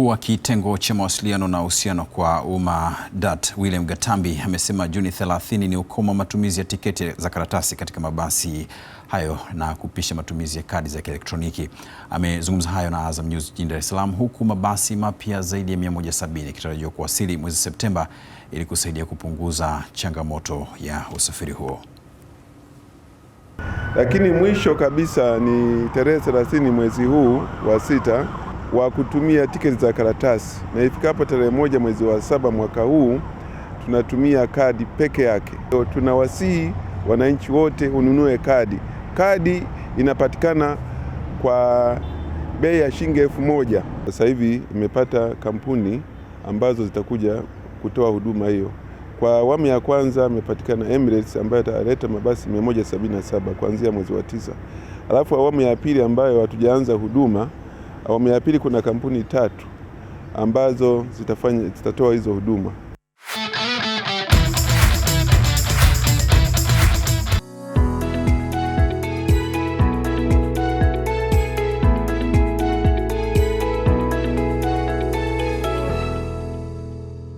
mkuu wa kitengo cha mawasiliano na uhusiano kwa umma DART William Gatambi amesema Juni 30 ni ukomo wa matumizi ya tiketi za karatasi katika mabasi hayo na kupisha matumizi ya kadi za kielektroniki. Amezungumza hayo na Azam News jijini Dar es Salaam, huku mabasi mapya zaidi ya 170 yakitarajiwa kuwasili mwezi Septemba ili kusaidia kupunguza changamoto ya usafiri huo. Lakini mwisho kabisa ni tarehe 30 mwezi huu wa sita wa kutumia tiketi za karatasi, na ifikapo tarehe moja mwezi wa saba mwaka huu tunatumia kadi peke yake. Tunawasihi wananchi wote ununue kadi. Kadi inapatikana kwa bei ya shilingi elfu moja. Sasa hivi imepata kampuni ambazo zitakuja kutoa huduma hiyo. Kwa awamu ya kwanza amepatikana Emirates ambayo ataleta mabasi 177 kuanzia mwezi wa tisa, alafu awamu ya pili ambayo hatujaanza huduma Awamu ya pili kuna kampuni tatu ambazo zitafanya zitatoa hizo huduma.